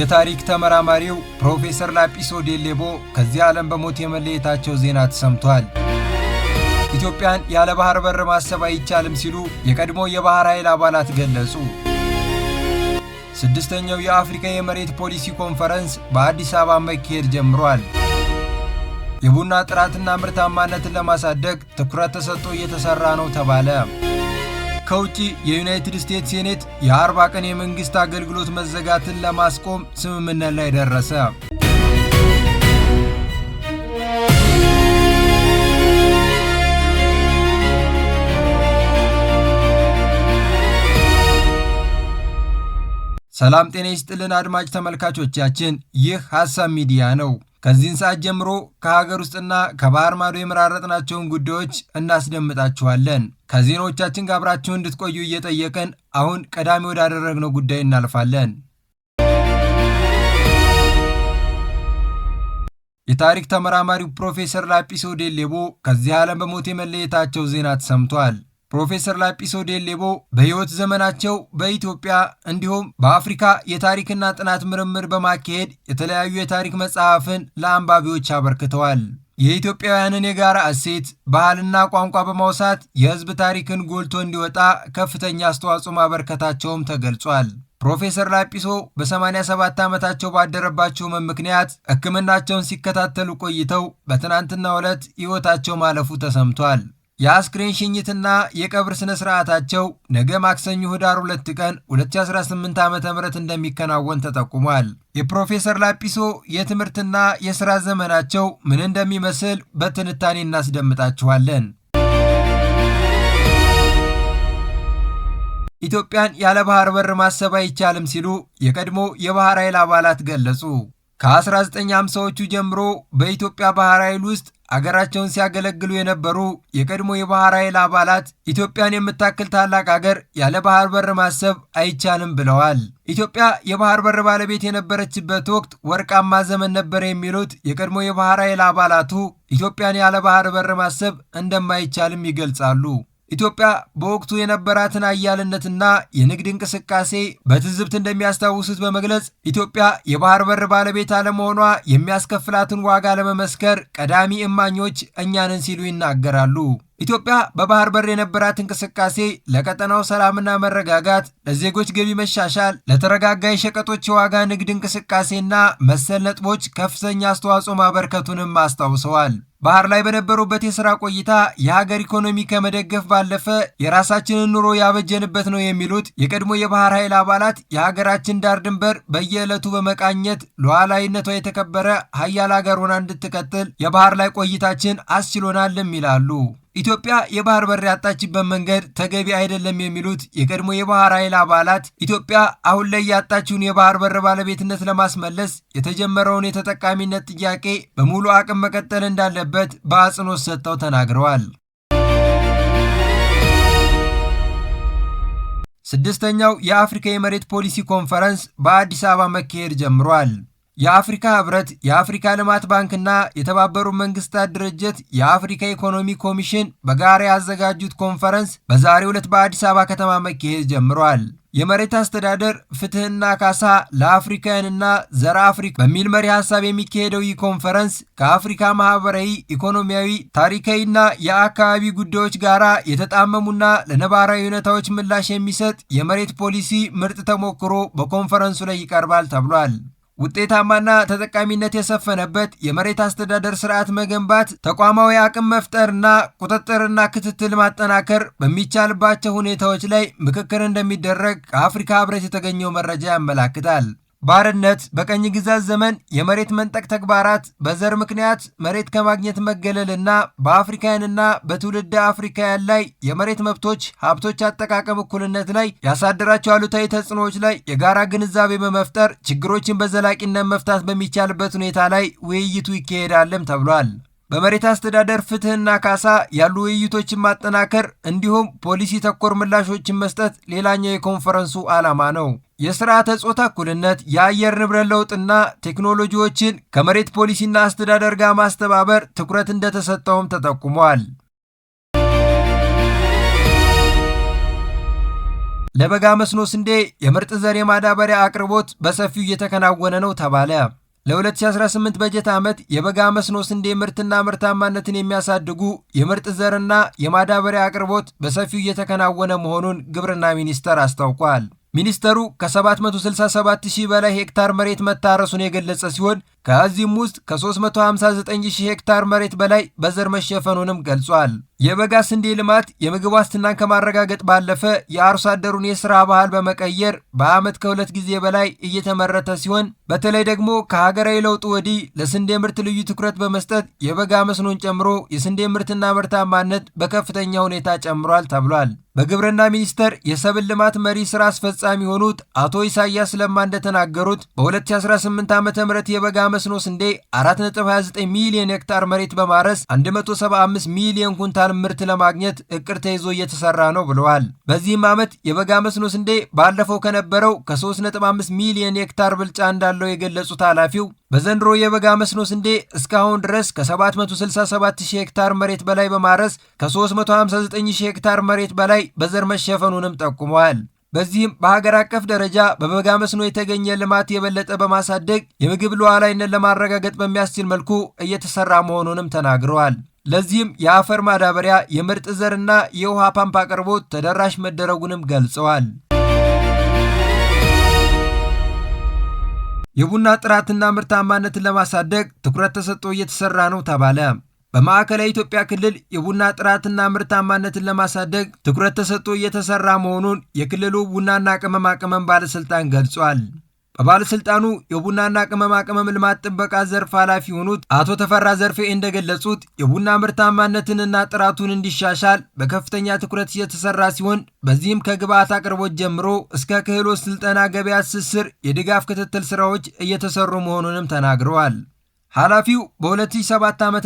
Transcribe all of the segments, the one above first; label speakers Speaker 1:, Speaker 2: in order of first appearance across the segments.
Speaker 1: የታሪክ ተመራማሪው ፕሮፌሰር ላጲሶ ዴሌቦ ከዚህ ዓለም በሞት የመለየታቸው ዜና ተሰምቷል። ኢትዮጵያን ያለ ባህር በር ማሰብ አይቻልም ሲሉ የቀድሞ የባህር ኃይል አባላት ገለጹ። ስድስተኛው የአፍሪካ የመሬት ፖሊሲ ኮንፈረንስ በአዲስ አበባ መካሄድ ጀምሯል። የቡና ጥራትና ምርታማነትን ለማሳደግ ትኩረት ተሰጥቶ እየተሰራ ነው ተባለ። ከውጭ የዩናይትድ ስቴትስ ሴኔት የአርባ ቀን የመንግሥት አገልግሎት መዘጋትን ለማስቆም ስምምነት ላይ ደረሰ። ሰላም ጤና ይስጥልን አድማጭ ተመልካቾቻችን፣ ይህ ሐሳብ ሚዲያ ነው። ከዚህን ሰዓት ጀምሮ ከሀገር ውስጥና ከባህር ማዶ የመራረጥናቸውን ጉዳዮች እናስደምጣችኋለን። ከዜናዎቻችን ጋር እንድትቆዩ እየጠየቅን አሁን ቀዳሚ ወዳደረግነው ጉዳይ እናልፋለን። የታሪክ ተመራማሪው ፕሮፌሰር ላጲሶ ዴሌቦ ከዚህ ዓለም በሞት የመለየታቸው ዜና ተሰምቷል። ፕሮፌሰር ላጲሶ ዴሌቦ በሕይወት ዘመናቸው በኢትዮጵያ እንዲሁም በአፍሪካ የታሪክና ጥናት ምርምር በማካሄድ የተለያዩ የታሪክ መጽሐፍን ለአንባቢዎች አበርክተዋል። የኢትዮጵያውያንን የጋራ እሴት ባህልና ቋንቋ በማውሳት የሕዝብ ታሪክን ጎልቶ እንዲወጣ ከፍተኛ አስተዋጽኦ ማበርከታቸውም ተገልጿል። ፕሮፌሰር ላጲሶ በ87 ዓመታቸው ባደረባቸው ምክንያት ሕክምናቸውን ሲከታተሉ ቆይተው በትናንትናው ዕለት ሕይወታቸው ማለፉ ተሰምቷል። የአስክሬን ሽኝትና የቀብር ስነ ስርዓታቸው ነገ ማክሰኞ ህዳር 2 ቀን 2018 ዓ ም እንደሚከናወን ተጠቁሟል። የፕሮፌሰር ላጲሶ የትምህርትና የሥራ ዘመናቸው ምን እንደሚመስል በትንታኔ እናስደምጣችኋለን። ኢትዮጵያን ያለ ባህር በር ማሰብ አይቻልም ሲሉ የቀድሞ የባህር ኃይል አባላት ገለጹ። ከ1950ዎቹ ጀምሮ በኢትዮጵያ ባህር ኃይል ውስጥ አገራቸውን ሲያገለግሉ የነበሩ የቀድሞ የባህር ኃይል አባላት ኢትዮጵያን የምታክል ታላቅ አገር ያለ ባህር በር ማሰብ አይቻልም ብለዋል። ኢትዮጵያ የባህር በር ባለቤት የነበረችበት ወቅት ወርቃማ ዘመን ነበር የሚሉት የቀድሞ የባህር ኃይል አባላቱ ኢትዮጵያን ያለ ባህር በር ማሰብ እንደማይቻልም ይገልጻሉ። ኢትዮጵያ በወቅቱ የነበራትን አያልነትና የንግድ እንቅስቃሴ በትዝብት እንደሚያስታውሱት በመግለጽ ኢትዮጵያ የባህር በር ባለቤት አለመሆኗ የሚያስከፍላትን ዋጋ ለመመስከር ቀዳሚ እማኞች እኛንን ሲሉ ይናገራሉ። ኢትዮጵያ በባህር በር የነበራት እንቅስቃሴ ለቀጠናው ሰላምና መረጋጋት፣ ለዜጎች ገቢ መሻሻል፣ ለተረጋጋ የሸቀጦች የዋጋ ንግድ እንቅስቃሴና መሰል ነጥቦች ከፍተኛ አስተዋጽኦ ማበርከቱንም አስታውሰዋል። ባህር ላይ በነበሩበት የሥራ ቆይታ የሀገር ኢኮኖሚ ከመደገፍ ባለፈ የራሳችንን ኑሮ ያበጀንበት ነው የሚሉት የቀድሞ የባህር ኃይል አባላት የሀገራችን ዳር ድንበር በየዕለቱ በመቃኘት ሉዓላዊነቷ የተከበረ ሀያል ሀገር ሆና እንድትቀጥል የባህር ላይ ቆይታችን አስችሎናልም ይላሉ። ኢትዮጵያ የባህር በር ያጣችበት መንገድ ተገቢ አይደለም የሚሉት የቀድሞ የባህር ኃይል አባላት ኢትዮጵያ አሁን ላይ ያጣችውን የባህር በር ባለቤትነት ለማስመለስ የተጀመረውን የተጠቃሚነት ጥያቄ በሙሉ አቅም መቀጠል እንዳለበት በአጽንኦት ሰጥተው ተናግረዋል። ስድስተኛው የአፍሪካ የመሬት ፖሊሲ ኮንፈረንስ በአዲስ አበባ መካሄድ ጀምሯል። የአፍሪካ ህብረት፣ የአፍሪካ ልማት ባንክና የተባበሩት መንግስታት ድርጅት የአፍሪካ ኢኮኖሚ ኮሚሽን በጋራ ያዘጋጁት ኮንፈረንስ በዛሬው ዕለት በአዲስ አበባ ከተማ መካሄድ ጀምሯል። የመሬት አስተዳደር ፍትህና ካሳ ለአፍሪካውያንና ዘር አፍሪካ በሚል መሪ ሀሳብ የሚካሄደው ይህ ኮንፈረንስ ከአፍሪካ ማህበራዊ፣ ኢኮኖሚያዊ፣ ታሪካዊና የአካባቢ ጉዳዮች ጋር የተጣመሙና ለነባራዊ ሁኔታዎች ምላሽ የሚሰጥ የመሬት ፖሊሲ ምርጥ ተሞክሮ በኮንፈረንሱ ላይ ይቀርባል ተብሏል። ውጤታማና ተጠቃሚነት የሰፈነበት የመሬት አስተዳደር ስርዓት መገንባት፣ ተቋማዊ አቅም መፍጠርና ቁጥጥርና ክትትል ማጠናከር በሚቻልባቸው ሁኔታዎች ላይ ምክክር እንደሚደረግ ከአፍሪካ ህብረት የተገኘው መረጃ ያመላክታል። ባርነት፣ በቀኝ ግዛት ዘመን የመሬት መንጠቅ ተግባራት፣ በዘር ምክንያት መሬት ከማግኘት መገለልና በአፍሪካውያንና በትውልድ አፍሪካውያን ላይ የመሬት መብቶች፣ ሀብቶች አጠቃቀም እኩልነት ላይ ያሳደራቸው አሉታዊ ተጽዕኖዎች ላይ የጋራ ግንዛቤ በመፍጠር ችግሮችን በዘላቂነት መፍታት በሚቻልበት ሁኔታ ላይ ውይይቱ ይካሄዳልም ተብሏል። በመሬት አስተዳደር ፍትህና ካሳ ያሉ ውይይቶችን ማጠናከር እንዲሁም ፖሊሲ ተኮር ምላሾችን መስጠት ሌላኛው የኮንፈረንሱ ዓላማ ነው። የስርዓተ ጾታ እኩልነት፣ የአየር ንብረት ለውጥና ቴክኖሎጂዎችን ከመሬት ፖሊሲና አስተዳደር ጋር ማስተባበር ትኩረት እንደተሰጠውም ተጠቁሟል። ለበጋ መስኖ ስንዴ የምርጥ ዘር የማዳበሪያ አቅርቦት በሰፊው እየተከናወነ ነው ተባለ። ለ2018 በጀት ዓመት የበጋ መስኖ ስንዴ ምርትና ምርታማነትን የሚያሳድጉ የምርጥ ዘርና የማዳበሪያ አቅርቦት በሰፊው እየተከናወነ መሆኑን ግብርና ሚኒስቴር አስታውቋል። ሚኒስተሩ ከ767 ሺህ በላይ ሄክታር መሬት መታረሱን የገለጸ ሲሆን ከዚህም ውስጥ ከ359 ሺህ ሄክታር መሬት በላይ በዘር መሸፈኑንም ገልጿል። የበጋ ስንዴ ልማት የምግብ ዋስትናን ከማረጋገጥ ባለፈ የአርሶ አደሩን የሥራ ባህል በመቀየር በዓመት ከሁለት ጊዜ በላይ እየተመረተ ሲሆን በተለይ ደግሞ ከሀገራዊ ለውጡ ወዲህ ለስንዴ ምርት ልዩ ትኩረት በመስጠት የበጋ መስኖን ጨምሮ የስንዴ ምርትና ምርታማነት በከፍተኛ ሁኔታ ጨምሯል ተብሏል። በግብርና ሚኒስቴር የሰብል ልማት መሪ ስራ አስፈጻሚ የሆኑት አቶ ኢሳያስ ለማ እንደተናገሩት በ2018 ዓ ም የበጋ መስኖ ስንዴ 429 ሚሊዮን ሄክታር መሬት በማረስ 175 ሚሊዮን ኩንታል ምርት ለማግኘት እቅድ ተይዞ እየተሰራ ነው ብለዋል። በዚህም ዓመት የበጋ መስኖ ስንዴ ባለፈው ከነበረው ከ35 ሚሊዮን ሄክታር ብልጫ እንዳለው የገለጹት ኃላፊው በዘንድሮ የበጋ መስኖ ስንዴ እስካሁን ድረስ ከ767 ሺህ ሄክታር መሬት በላይ በማረስ ከ359 ሺህ ሄክታር መሬት በላይ በዘር መሸፈኑንም ጠቁመዋል። በዚህም በሀገር አቀፍ ደረጃ በበጋ መስኖ የተገኘ ልማት የበለጠ በማሳደግ የምግብ ሉዓላዊነት ለማረጋገጥ በሚያስችል መልኩ እየተሰራ መሆኑንም ተናግረዋል። ለዚህም የአፈር ማዳበሪያ፣ የምርጥ ዘርና የውሃ ፓምፕ አቅርቦት ተደራሽ መደረጉንም ገልጸዋል። የቡና ጥራትና ምርታማነትን ለማሳደግ ትኩረት ተሰጥቶ እየተሰራ ነው ተባለ። በማዕከላዊ ኢትዮጵያ ክልል የቡና ጥራትና ምርታማነትን ለማሳደግ ትኩረት ተሰጥቶ እየተሰራ መሆኑን የክልሉ ቡናና ቅመማ ቅመም ባለሥልጣን ገልጿል። በባለሥልጣኑ የቡናና ቅመማ ቅመም ልማት ጥበቃ ዘርፍ ኃላፊ የሆኑት አቶ ተፈራ ዘርፌ እንደገለጹት የቡና ምርታማነትንና ጥራቱን እንዲሻሻል በከፍተኛ ትኩረት እየተሰራ ሲሆን በዚህም ከግብዓት አቅርቦት ጀምሮ እስከ ክህሎት ስልጠና፣ ገበያ ትስስር የድጋፍ ክትትል ስራዎች እየተሰሩ መሆኑንም ተናግረዋል። ኃላፊው በ2007 ዓ ም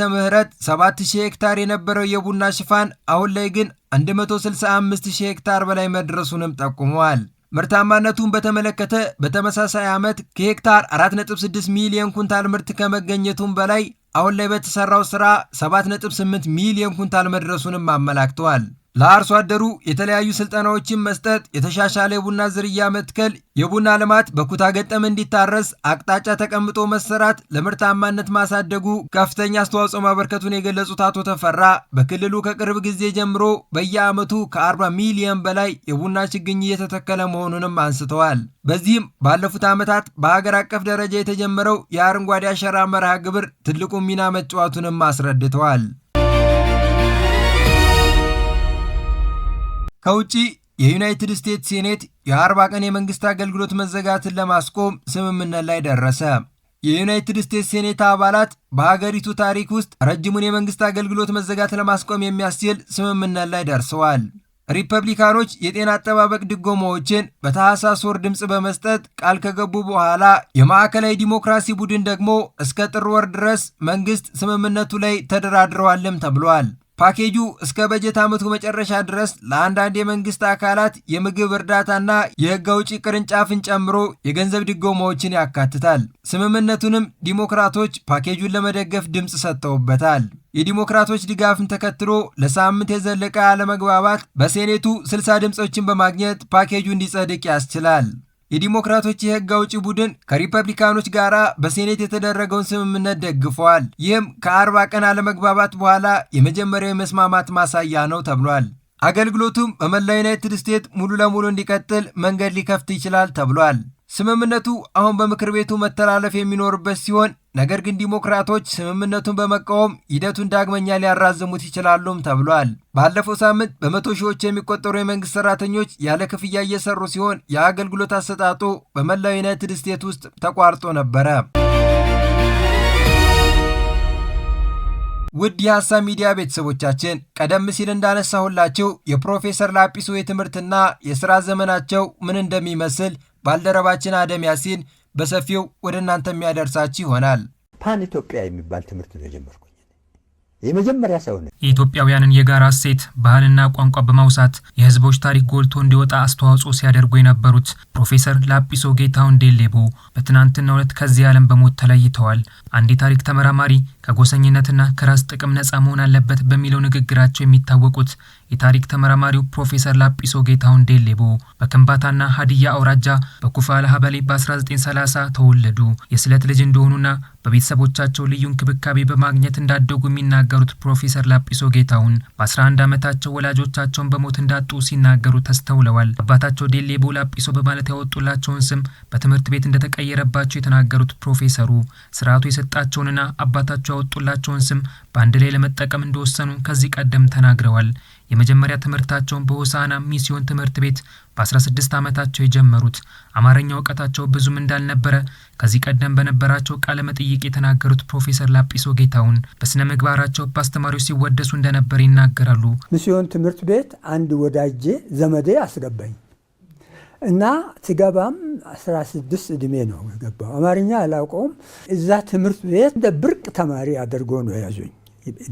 Speaker 1: 7000 ሄክታር የነበረው የቡና ሽፋን አሁን ላይ ግን 165000 ሄክታር በላይ መድረሱንም ጠቁመዋል። ምርታማነቱን በተመለከተ በተመሳሳይ ዓመት ከሄክታር 4.6 ሚሊዮን ኩንታል ምርት ከመገኘቱም በላይ አሁን ላይ በተሰራው ሥራ 7.8 ሚሊዮን ኩንታል መድረሱንም አመላክተዋል። ለአርሶ አደሩ የተለያዩ ስልጠናዎችን መስጠት፣ የተሻሻለ የቡና ዝርያ መትከል፣ የቡና ልማት በኩታ ገጠም እንዲታረስ አቅጣጫ ተቀምጦ መሰራት ለምርታማነት ማሳደጉ ከፍተኛ አስተዋጽኦ ማበርከቱን የገለጹት አቶ ተፈራ በክልሉ ከቅርብ ጊዜ ጀምሮ በየዓመቱ ከ40 ሚሊዮን በላይ የቡና ችግኝ እየተተከለ መሆኑንም አንስተዋል። በዚህም ባለፉት ዓመታት በሀገር አቀፍ ደረጃ የተጀመረው የአረንጓዴ አሻራ መርሃ ግብር ትልቁ ሚና መጫወቱንም አስረድተዋል። ከውጪ የዩናይትድ ስቴትስ ሴኔት የአርባ ቀን የመንግስት አገልግሎት መዘጋትን ለማስቆም ስምምነት ላይ ደረሰ። የዩናይትድ ስቴትስ ሴኔት አባላት በሀገሪቱ ታሪክ ውስጥ ረጅሙን የመንግስት አገልግሎት መዘጋት ለማስቆም የሚያስችል ስምምነት ላይ ደርሰዋል። ሪፐብሊካኖች የጤና አጠባበቅ ድጎማዎችን በታህሳስ ወር ድምፅ በመስጠት ቃል ከገቡ በኋላ የማዕከላዊ ዲሞክራሲ ቡድን ደግሞ እስከ ጥር ወር ድረስ መንግስት ስምምነቱ ላይ ተደራድረዋልም ተብሏል። ፓኬጁ እስከ በጀት ዓመቱ መጨረሻ ድረስ ለአንዳንድ የመንግስት አካላት የምግብ እርዳታና የህገ ውጪ ቅርንጫፍን ጨምሮ የገንዘብ ድጎማዎችን ያካትታል። ስምምነቱንም ዲሞክራቶች ፓኬጁን ለመደገፍ ድምፅ ሰጥተውበታል። የዲሞክራቶች ድጋፍን ተከትሎ ለሳምንት የዘለቀ አለመግባባት በሴኔቱ 60 ድምፆችን በማግኘት ፓኬጁ እንዲጸድቅ ያስችላል። የዲሞክራቶች የህግ አውጪ ቡድን ከሪፐብሊካኖች ጋር በሴኔት የተደረገውን ስምምነት ደግፈዋል። ይህም ከአርባ ቀን አለመግባባት በኋላ የመጀመሪያው የመስማማት ማሳያ ነው ተብሏል። አገልግሎቱም በመላው ዩናይትድ ስቴትስ ሙሉ ለሙሉ እንዲቀጥል መንገድ ሊከፍት ይችላል ተብሏል። ስምምነቱ አሁን በምክር ቤቱ መተላለፍ የሚኖርበት ሲሆን ነገር ግን ዲሞክራቶች ስምምነቱን በመቃወም ሂደቱን ዳግመኛ ሊያራዝሙት ይችላሉም ተብሏል። ባለፈው ሳምንት በመቶ ሺዎች የሚቆጠሩ የመንግስት ሰራተኞች ያለ ክፍያ እየሰሩ ሲሆን የአገልግሎት አሰጣጡ በመላው ዩናይትድ ስቴትስ ውስጥ ተቋርጦ ነበረ። ውድ የሀሳብ ሚዲያ ቤተሰቦቻችን ቀደም ሲል እንዳነሳሁላችሁ የፕሮፌሰር ላጲሶ የትምህርትና የስራ ዘመናቸው ምን እንደሚመስል ባልደረባችን አደም ያሲን በሰፊው ወደ እናንተ የሚያደርሳችሁ ይሆናል።
Speaker 2: ፓን ኢትዮጵያ የሚባል ትምህርት ነው የጀመርኩ የመጀመሪያ ሰው
Speaker 3: የኢትዮጵያውያንን የጋራ እሴት ባህልና ቋንቋ በማውሳት የህዝቦች ታሪክ ጎልቶ እንዲወጣ አስተዋጽኦ ሲያደርጉ የነበሩት ፕሮፌሰር ላጲሶ ጌታሁን ዴሌቦ በትናንትናው ዕለት ከዚህ ዓለም በሞት ተለይተዋል። አንድ የታሪክ ተመራማሪ ከጎሰኝነትና ከራስ ጥቅም ነጻ መሆን አለበት በሚለው ንግግራቸው የሚታወቁት የታሪክ ተመራማሪው ፕሮፌሰር ላጲሶ ጌታሁን ዴሌቦ በከምባታና ሀዲያ አውራጃ በኩፋላ ሀበሌ በ1930 ተወለዱ። የስለት ልጅ እንደሆኑና በቤተሰቦቻቸው ልዩ እንክብካቤ በማግኘት እንዳደጉ የሚናገሩት ፕሮፌሰር ላጲሶ ጌታሁን በ11 ዓመታቸው ወላጆቻቸውን በሞት እንዳጡ ሲናገሩ ተስተውለዋል። አባታቸው ዴሌቦ ላጲሶ በማለት ያወጡላቸውን ስም በትምህርት ቤት እንደተቀየረባቸው የተናገሩት ፕሮፌሰሩ ስርዓቱ የሰጣቸውንና አባታቸው ያወጡላቸውን ስም በአንድ ላይ ለመጠቀም እንደወሰኑ ከዚህ ቀደም ተናግረዋል። የመጀመሪያ ትምህርታቸውን በሆሳና ሚስዮን ትምህርት ቤት በ16 ዓመታቸው የጀመሩት አማርኛ እውቀታቸው ብዙም እንዳልነበረ ከዚህ ቀደም በነበራቸው ቃለ መጠይቅ የተናገሩት ፕሮፌሰር ላጲሶ ጌታውን በሥነ ምግባራቸው በአስተማሪዎች ሲወደሱ እንደነበር ይናገራሉ።
Speaker 2: ሚስዮን ትምህርት ቤት አንድ ወዳጄ ዘመዴ አስገባኝ እና ስገባም 16 ዕድሜ ነው የገባው። አማርኛ አላውቀውም። እዛ ትምህርት ቤት እንደ ብርቅ ተማሪ አድርጎ ነው የያዙኝ።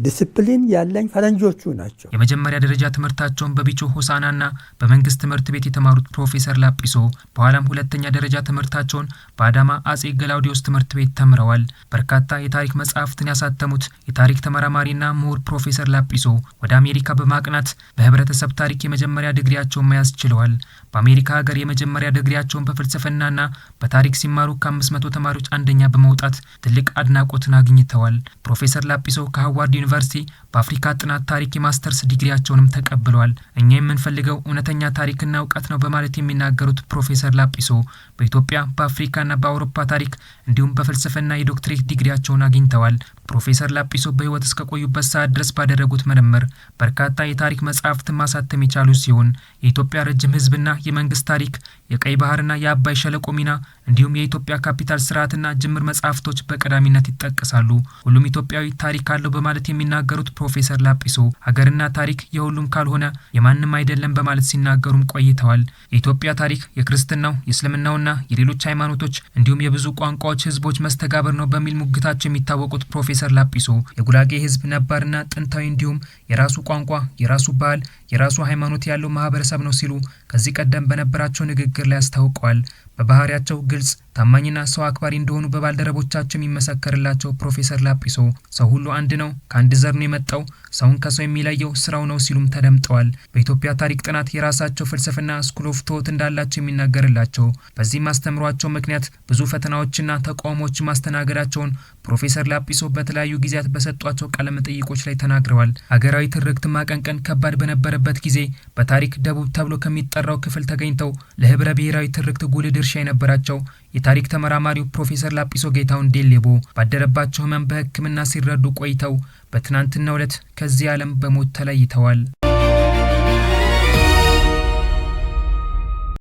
Speaker 2: ዲስፕሊን ያለኝ ፈረንጆቹ ናቸው።
Speaker 3: የመጀመሪያ ደረጃ ትምህርታቸውን በቢቾ ሆሳናና በመንግስት ትምህርት ቤት የተማሩት ፕሮፌሰር ላጲሶ በኋላም ሁለተኛ ደረጃ ትምህርታቸውን በአዳማ አጼ ገላውዲዮስ ትምህርት ቤት ተምረዋል። በርካታ የታሪክ መጽሐፍትን ያሳተሙት የታሪክ ተመራማሪና ምሁር ፕሮፌሰር ላጲሶ ወደ አሜሪካ በማቅናት በህብረተሰብ ታሪክ የመጀመሪያ ድግሪያቸውን መያዝ ችለዋል። በአሜሪካ ሀገር የመጀመሪያ ድግሪያቸውን በፍልስፍናና በታሪክ ሲማሩ ከአምስት መቶ ተማሪዎች አንደኛ በመውጣት ትልቅ አድናቆትን አግኝተዋል። ፕሮፌሰር ላጲሶ ከህዋ ከሃርቫርድ ዩኒቨርሲቲ በአፍሪካ ጥናት ታሪክ የማስተርስ ዲግሪያቸውንም ተቀብለዋል። እኛ የምንፈልገው እውነተኛ ታሪክና እውቀት ነው በማለት የሚናገሩት ፕሮፌሰር ላጲሶ በኢትዮጵያ በአፍሪካና በአውሮፓ ታሪክ እንዲሁም በፍልስፍና የዶክትሬት ዲግሪያቸውን አግኝተዋል። ፕሮፌሰር ላጲሶ በህይወት እስከቆዩበት ሰዓት ድረስ ባደረጉት ምርምር በርካታ የታሪክ መጽሐፍትን ማሳተም የቻሉ ሲሆን የኢትዮጵያ ረጅም ህዝብና የመንግስት ታሪክ፣ የቀይ ባህርና የአባይ ሸለቆ ሚና እንዲሁም የኢትዮጵያ ካፒታል ስርዓትና ጅምር መጽሐፍቶች በቀዳሚነት ይጠቀሳሉ። ሁሉም ኢትዮጵያዊ ታሪክ አለው በማለት የሚናገሩት ፕሮፌሰር ላጲሶ ሀገርና ታሪክ የሁሉም ካልሆነ የማንም አይደለም በማለት ሲናገሩም ቆይተዋል። የኢትዮጵያ ታሪክ የክርስትናው የእስልምናውና የሌሎች ሃይማኖቶች እንዲሁም የብዙ ቋንቋዎች ህዝቦች መስተጋብር ነው በሚል ሙግታቸው የሚታወቁት ፕሮፌሰር ፕሮፌሰር ላጲሶ የጉራጌ ህዝብ ነባርና ጥንታዊ እንዲሁም የራሱ ቋንቋ፣ የራሱ ባህል፣ የራሱ ሃይማኖት ያለው ማህበረሰብ ነው ሲሉ ከዚህ ቀደም በነበራቸው ንግግር ላይ አስታውቀዋል። በባህሪያቸው ግልጽ ታማኝና ሰው አክባሪ እንደሆኑ በባልደረቦቻቸው የሚመሰከርላቸው ፕሮፌሰር ላጲሶ ሰው ሁሉ አንድ ነው፣ ከአንድ ዘር ነው የመጣው፣ ሰውን ከሰው የሚለየው ስራው ነው ሲሉም ተደምጠዋል። በኢትዮጵያ ታሪክ ጥናት የራሳቸው ፍልስፍና ስኩል ኦፍ ቶት እንዳላቸው የሚናገርላቸው በዚህም አስተምሯቸው ምክንያት ብዙ ፈተናዎችና ተቃውሞዎች ማስተናገዳቸውን ፕሮፌሰር ላጲሶ በተለያዩ ጊዜያት በሰጧቸው ቃለመጠይቆች ላይ ተናግረዋል። ሀገራዊ ትርክት ማቀንቀን ከባድ በነበረበት ጊዜ በታሪክ ደቡብ ተብሎ ከሚጠራው ክፍል ተገኝተው ለህብረ ብሔራዊ ትርክት ጉልድ ድርሻ የነበራቸው የታሪክ ተመራማሪው ፕሮፌሰር ላጲሶ ጌታውን ዴሌቦ ባደረባቸው ህመም በሕክምና ሲረዱ ቆይተው በትናንትናው ዕለት ከዚህ ዓለም በሞት ተለይተዋል።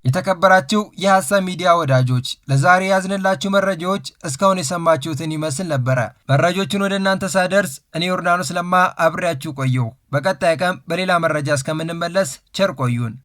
Speaker 1: የተከበራችሁ የሐሳብ ሚዲያ ወዳጆች ለዛሬ ያዝንላችሁ መረጃዎች እስካሁን የሰማችሁትን ይመስል ነበረ። መረጃዎችን ወደ እናንተ ሳደርስ እኔ ዮርዳኖስ ለማ አብሬያችሁ ቆየሁ። በቀጣይ ቀን በሌላ መረጃ እስከምንመለስ ቸር ቆዩን።